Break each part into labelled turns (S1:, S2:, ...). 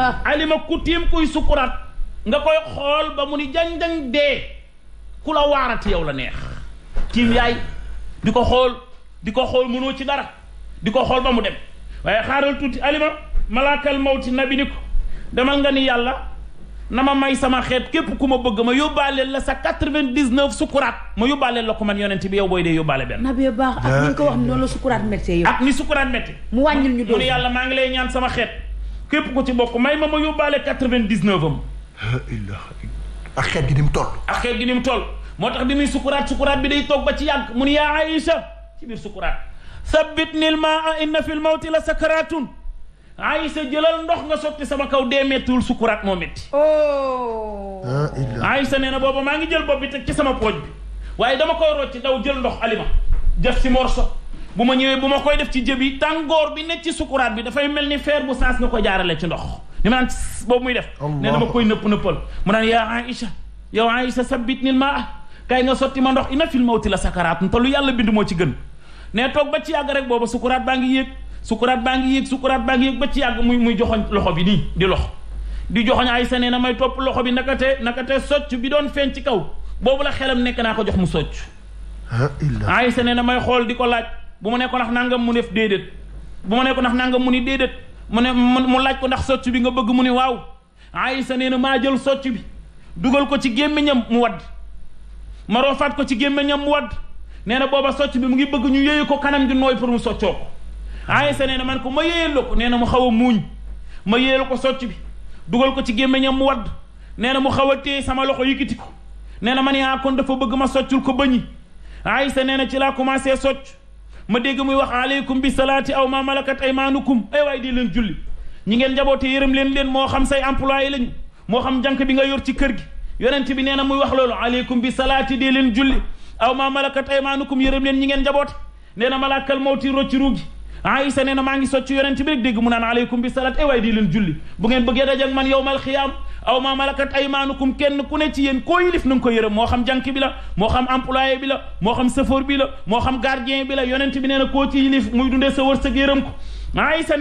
S1: alima ku tiim kuy sukuraat nga koy xool ba mu ni janjang dee ku la waarati yow la neex tiim yaay di ko xool di ko xool mënoo ci dara di ko xool ba mu dem waaye xaaral tuuti alima malaakal mawti nabi ni ko demal nga ni yàlla na ma may sama xeet képp ku ma bëgg ma yóbbaaleel la sa quatre-vingt-dix-neuf sukuraat ma yóbbaaleel la ko man yonent bi yow booy dee yóbbaale benn
S2: nabi baax ak ni ko wax ni loolu la sukuraat
S1: méttee yow ak ni sukuraat méttee mu wàññil ñu yàlla maa ngi lay ñaan sama xeet képp ko ci bokk may ma ma yóbbaale quatre-vingt-dix-neuf am. ak xeet gi ni mu toll. ak xeet gi ni mu toll moo tax di muy sukuraat sukuraat bi day toog ba ci yàgg mu ni yaa Aïcha ci biir sukuraat. sabbit nil maa inna fil mawti la sakaraatun Aïcha jëlal ndox nga sotti sama kaw dee mettiwul sukuraat moo metti. oh. Aïcha nee na booba maa ngi jël bopp bi teg ci sama pooj bi waaye dama koy rocci daw jël ndox alima def si morso. bu ma ñëwee bu ma koy def ci jëbi tàngoor bi nekk ci sukuraat bi dafay mel ni feer bu saas nga ko jaarale ci ndox ni ma naan boobu muy def nee na ma koy nëpp nëppal mu naan yaa Aïcha yow Aïcha sabbit nil maa ma ndox ina fil mawti la sakaraat te lu yàlla bind moo ci gën ne toog ba ci yàgg rek booba sukuraat baa ngi yéeg sukuraat baa ngi yéeg sukuraat baa ngi yéeg ba ci yàgg muy muy joxoñ loxo bi nii di lox di joxoñ Aïcha nee na may topp loxo bi nakate nakate socc bi doon feeñ ci kaw boobu la xelam nekk naa ko jox mu socc Aïcha nee na may xool di ko laaj bu ma ne ko ndax nangam mu def déedéet bu ma ne ko ndax nangam mu ni déedéet mu ne mu laaj ko ndax socc bi nga bëgg mu ni waaw Aïssa nee na maa jël socc bi dugal ko ci gémmiñam mu wadd ma roofaat ko ci gémmiñam mu wadd nee na booba socc bi mu ngi bëgg ñu yéeyu ko kanam gi nooy pour mu soccoo ko na man ko ma yéyal nee na xaw a muuñ ma yéyal ko socc bi dugal ko ci gémmiñam mu wadd nee na mu xaw a téye sama loxo yëkkati ko nee na man yaa ah kon dafa bëgg ma soccul ko bëñi Aïssa nee na ci laa commencé socc ma dégg muy wax aleykum bi salaati aw ma malakat aymaanukum ay waay di leen julli ñi ngeen njaboote yërëm leen leen moo xam say employé lañu moo xam jànk bi nga yor ci kër gi yonent bi nee na muy wax loolu aleykum bi salaati dee leen julli aw ma malakat aymaanukum yërëm leen ñi ngeen njaboote nee na malaakal mawti rocci ruugi Aïssa nee na maa ngi socc yonent bi rek dégg mu naan aleykum bi salaat ay waay di leen julli bu ngeen bëggee dajak man yowmal xiyaam aw maa malakat aymaanukum kenn ku ne ci yéen koo yilif na nga ko yërëm moo xam jànk bi la moo xam employé bi la moo xam chauffeur bi moo xam gardien bi la yonent bi nee na koo ci yilif muy dundee sa wërsëg yërëm ko Aysa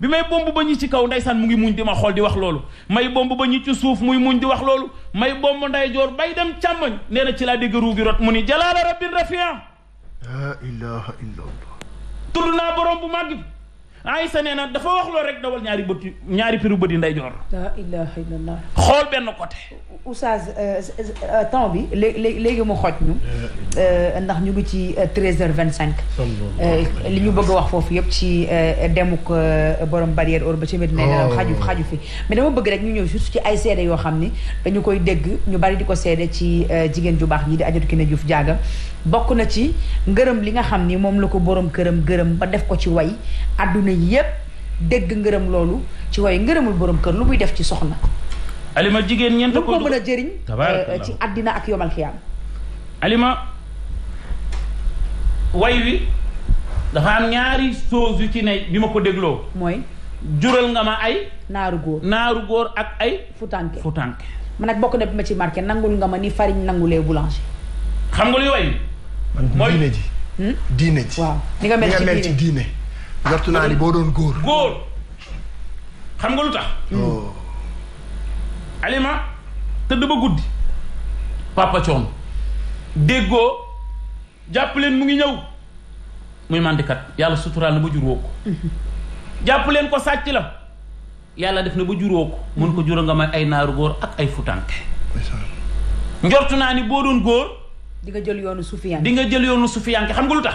S1: may bomb ba ñi ci kaw ndeysaan mu wax loolu may bomb ba ñi ci suuf muy muñ di wax loolu may bomb nday joor bay dem càmmoñ nee na ci laa dégg ruu gi rot mu ni jalaala rabbin rafia la ilaha illa allah tudd naa borom bu màgg Aysa nee na dafa wax loolu rek dawal ñaari bëti ñaari piru bëti nday joor
S2: la ilaha illallah xool benn côté oustaz euh, euh, euh, temps bi léegi mu xooj ñu ndax ñu ngi ci treize heures vingt cinq li ñu bëgg wax foofu yëpp ci demuk borom barrière or ba ci met na oh. xaju xaju fi mais dama bëgg rek ñu ñëw juste ci ay seede yoo xam ni dañu koy dégg ñu bari di ko seede ci jigéen ju baax ñi di ajot ki ne Diouf Diaga bokk na ci ngërëm li nga xam ni moom la ko boroom këram gërëm ba def ko ci way àdduna yépp dégg ngërëm loolu ci way ngërëmul borom kër lu muy def ci soxna
S1: alima jigéen ñeent ko jëriñ
S2: eh, ci àddina ak yomal xiyaam
S1: alima way wi dafa ñaari chose ci ne bi ma ko dégloo mooy jural nga ma ay naaru góor naaru góor ak ay
S2: futanke futanke man nag bokk na bi ma ci marqué nangul nga ma ni fariñ nangulee boulanger
S1: xam nga luy way mooy diine ji hmm? diine ji waaw nga mel ci diine jortu naa ni boo doon góor góor xam nga lu tax oh. hmm. alima tëdd ba guddi papa coon déggoo jàpp leen mu ngi ñëw muy màndikat yàlla suturaal na ba jur jàpp leen ko sàcc la yàlla def na ba jur woo ko mun ko jura nga may ay naaru góor ak ay futanke njortu naa ni boo doon góor
S2: di nga jël yoonu sufiyanke di
S1: nga jël yoonu xam nga lu tax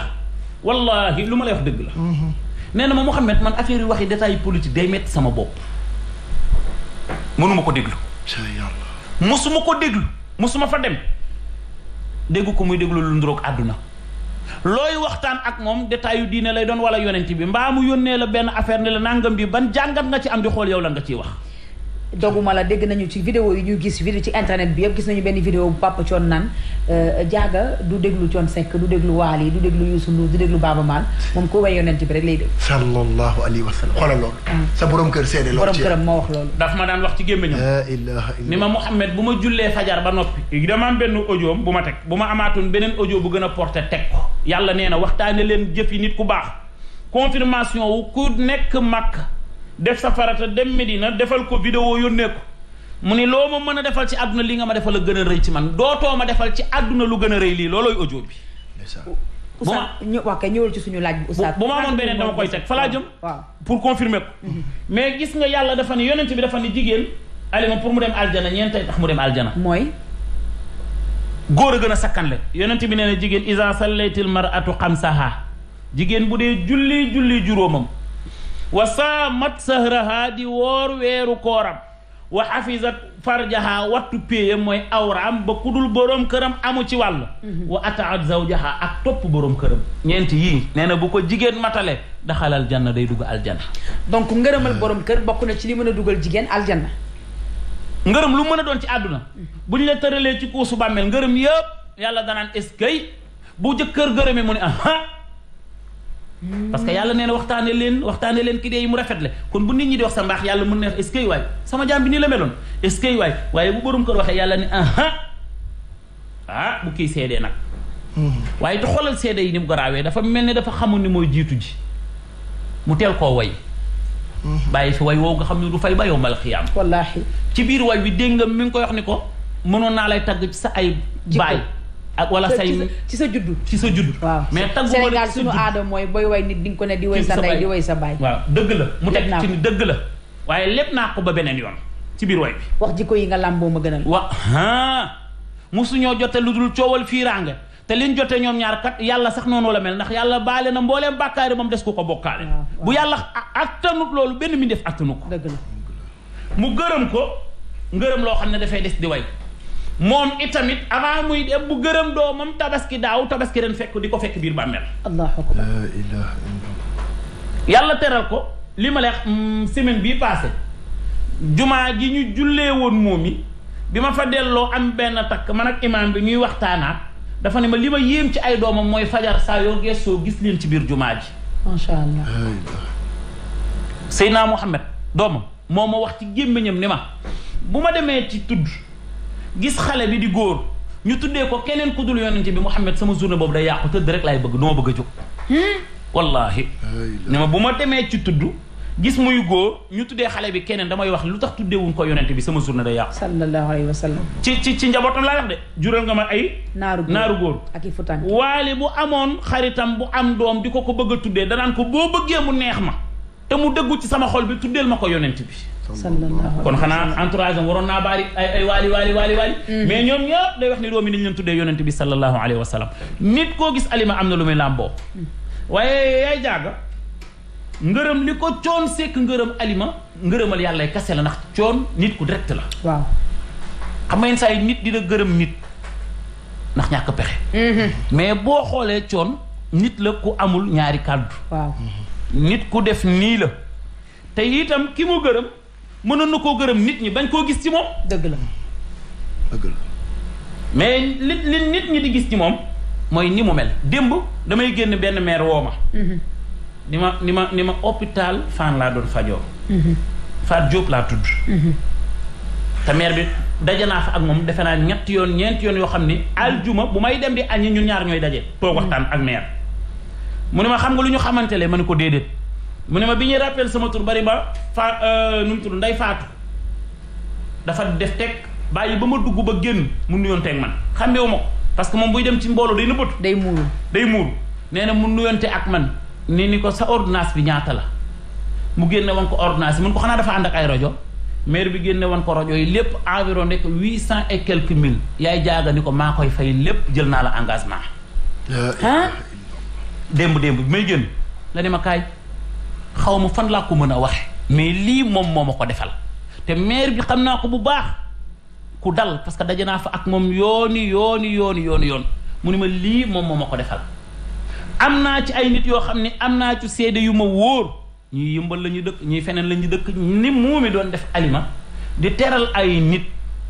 S1: wallahi lu ma lay wax dëgg la mhm. nee na ma Mouhamed man affaire yi waxi détail politique day métti sama bopp mënuma ko déglu mosuma ko déglu mosuma fa dem dégg ko muy déglu lu nduroog àdduna looy waxtaan ak moom détail yu diine lay doon wala yonent bi mbaa mu yónnee la benn affaire ne la nàngam bi ban jàngat nga ci am di xool yow la nga ciy wax
S2: doguma la dégg nañu ci vidéo yi ñu gis vidéo ci internet bi yëpp gis nañu benn vidéo bu Papa Thione naan jaaga euh, du déglu Thione Seck du déglu Waly du déglu Youssou Ndour du déglu Baaba Maal moom ku way yonent bi rek lay dégg
S1: sallallahu alayhi wa sallam xoolal loolu ah. sa borom kër seede loolu borom këram moo wax loolu daf ma daan wax ci gémmiñam ni ma Mouhamed bu ma jullee fajar ba noppi dama am benn audio bu ma teg bu ma amaatoon beneen audio bu gën a porte teg ko yàlla nee na waxtaane leen jëf yi nit ku baax confirmation wu ku nekk def sa farata dem Medina defal ko vidéo yónnee ko mu ni loo ma mën a defal ci àdduna li nga ma defal a gën a rëy ci man dootoo ma defal ci àdduna lu gën a rëy lii loolooy audio bi. bu ma ñu wax kay ñëwal ci suñu laaj bi oustaz bu ma amoon beneen dama koy teg fa laa jëm. pour confirmer ko. Mhm. mais gis nga yàlla dafa ni yonent bi dafa ni jigéen. alima pour mu dem aljana ñeentay tax mu dem aljana. mooy. góor a gën a sakkanle yonent bi nee na jigéen isa sallaytil maratu xamsaha jigéen bu dee julli julli juróomam. wa saamat sahraha di woor weeru kooram wa xafisat farjaha wattu péeyam mooy awraam ba kudul boroom këram amu ci wàll mhm. wa ataat zawjaha ak topp boroom këram ñeent yi nee na bu ko jigéen matale daxalal janna day dugg aljanna donc ngërëmal boroom kër bokk na ci li mën a dugal jigéen aljanna ngërëm lu mën a doon ci àdduna mhm. bu ñu la ci kuusu bàmmeel ngërëm yëpp yàlla danaan eskay bu jëkkër gërëmee mu ne aha parce que yàlla nee na waxtaane leen waxtaane leen ki dee yi mu rafet rafetle kon bu nit ñi di wax sa mbaax yàlla mun na wax est-ce que waay sama jaam bi nii la meloon est-ce que waay waaye bu borom kër waxee yàlla ne aha ah bu kii seedee nag waaye te xoolal seede yi ni mu garaawee dafa mel ne dafa xamul ni mooy jiitu ji mu teel koo way bàyyi fi way woowu nga xam ne du fay ba yow mal xiyaam wallaahi ci biir way bi dégg nga mi ngi koy wax ni ko mënoon naa lay tagg ci sa ay baay ak ah, wala say ci sa juddu ci sa juddu waaw mais taggu
S2: Sénégal suñu aada mooy booy way nit di nga ko ne di way sa ndey di way
S1: sa baay dëgg la mu teg ci dëgg la waaye lépp naa ko ba beneen yoon ci biir way bi wax jikko yi nga làmboo ma gën a gënal wa musuñoo jote lu dul coowal fiiraange te liñ jotee ñoom ñaar kat yàlla sax noonu la mel ndax yàlla baale na mbooleem bàkkaari moom des ku ko bokkaale bu yàlla attanut loolu benn mi def attanu ko dëgg la mu gërëm ko ngërëm loo xam ne dafay des di way moom itamit avant muy dem bu gërëm doomam tabaski daaw tabaski ren fekk di ko fekk biir bàmmeel allahu akbar yàlla teral ko li ma leex mm, semaine bii passé jumaa ji ñu jullee woon moomi bi ma fa delloo am benn takk man ak imaam bi ñuy waxtaanaat dafa ne ma li ma yéem ci ay doomam mooy fajar saa yoo soo gis leen ci biir jumaa ji macha allah Seydina Muhammad doomam moo ma wax ci gémmiñam ni ma bu ma demee ci tudd gis xale bi di góor ñu tuddee ko keneen ku dul yonent bi Mouhamed sama journée boobu day yàqu tëdd rek lay bëgg noo bëgg a jóg hmm? wallaahi ne ma bu ma demee ci tudd gis muy góor ñu tuddee xale bi keneen damay wax lu tax tuddee wuñ ko yonent bi sama journée day yàqu sallallahu alayhi wa sallam ci ci ci njabootam laa wax de jural nga ma ay naaru góor ak i futaan waali bu amoon xaritam bu am doom di ko ko bëgg a tuddee danaan ko boo bëggee mu neex ma te mu dëggu ci sama xol bi tuddeel ma ko yonent bi kon xanaa entourage am waroon naa baari waali waali waali mm. mais ñoom ñëpp day wax ni doomi nañ leen tuddee yonent bi sallallahu alayhi wa sallam nit koo gis alima am na lu muy làmboo waaye yaay jaaga ngërëm li ko coon sekk ngërëm alima ngërëmal yàlla kase la ndax coon nit ku direct la waaw xam nga yenn saa nit dina gërëm nit ndax ñàkk pexe mm-hmm. mais boo xoolee coon nit la ku amul ñaari kàddu nit ku def nii la te itam ki mu gërëm mënoon na koo gërëm nit ñi bañ koo gis ci moom. dëgg la dëgg la. mais li nit ñi di gis ci moom mooy ni mu mel démb damay génn benn meer woo ma. Mm-hmm. ni ma ni ma ni ma hôpital Fann laa doon fajoo. Mm-hmm. Faat Diop laa tudd. Mm-hmm. te maire bi daje naa fa ak moom defe naa ñetti yoon ñeenti yoon yoo xam ni aljuma bu may dem di añi ñun ñaar ñooy daje. toog waxtaan ak meer mu ne ma xam nga lu ñu xamante le ma ne ko déedéet mu ne ma bi ñu rappel sama tur bari ba fa euh, nu mu tudd nday faatu dafa def teg bàyyi ba ma dugg ba génn mu nuyoon teg man xàmmeewu ma ko parce que moom buy dem ci mbooloo day nëbbatu day muuru day muuru nee na mu nuyonte ak man ni ni ko sa ordonnance bi ñaata la mu génne woon ko ordinance mun ko xanaa dafa ànd ak ay rajo maire bi génne woon ko rajo yi lépp environ nekk huit cent et quelques mille yaay jaaga ni ko maa koy lépp jël naa la engagement euh, démb démb bi may génn la ne xaw ma fan laa ko mën a waxe mais lii moom moo ma ko defal te maire bi xam naa ko bu baax ku dal parce que daje naa fa ak moom yooni yooni yooni yooni yoon mu ne ma lii moom moom ma ko defal am naa ci ay nit yoo xam ne am naa ci seede yu ma wóor ñuy yëmbal la dëkk ñuy feneen la ñu dëkk ni muumi doon def alima di teral ay nit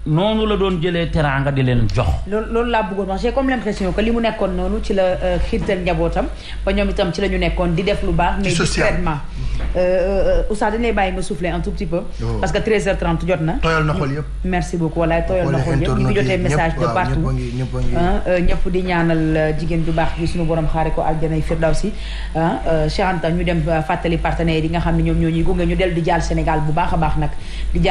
S1: noonu la doon jëlee teraanga di leen jox.
S2: loolu loolu laa bëggoon wax j'ai comme l'impression que li mu nekkoon noonu ci la euh, xiirtal njabootam ba ñoom itam ci la ñu nekkoon di def lu baax. mais discrètement. Mm-hmm. Euh, euh, Oustaz dañu lay bàyyi nga oh. parce que 13h30 jot na. tooyal na xol yëpp. merci beaucoup walaay tooyal na xol yëpp ñu jotee message de partout ah, baax bi suñu borom xaare ko aljanay firdawsi ah, Cheikh Anta ñu dem fàttali partenaires yi nga xam ne ñoom ñoo ñuy gunge ñu dellu di jaal Sénégal bu baax a baax nag